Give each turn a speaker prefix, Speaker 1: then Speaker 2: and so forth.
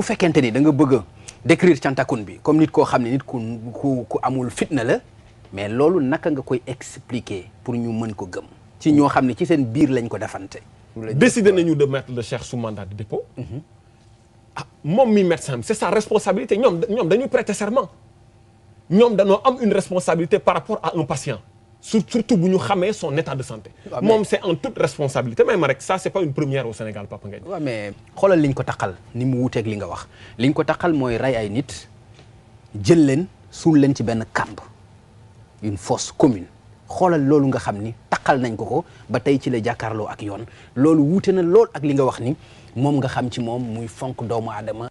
Speaker 1: bu fekkente ni da nga bëgg a décrire cantakun bi comme nit koo xam ne nit ku ku ku amul fitna la mais loolu naka nga koy expliquer pour ñu mën ko gëm ci ñoo xam ne ci seen biir lañ ko defante décidé nañu de mettre le Cheikh sous mandat de dépôt mhm.
Speaker 2: ah moom mi médecin bi c'est sa responsabilité ñoom ñoom dañuy prêter serment ñoom dañoo am une responsabilité par rapport a un patient surtout bu ñu xamee son état de santé. Ah, moom c' est en toute
Speaker 1: responsabilité may ma rek ça c' est pas une première au Sénégal Papa Ngagne. waaw mais xoolal li ñu ko taqal ni mu wuuteeg li nga wax li ñu ko taqal mooy rey ay nit jël leen suul leen ci benn kàmb une fosse commune xoolal loolu nga xam ni taqal nañ ko ko ba tey ci la jàkkaarloo ak yoon loolu wuute na lool ak li nga wax ni moom nga xam ci moom muy fonk doomu aadama.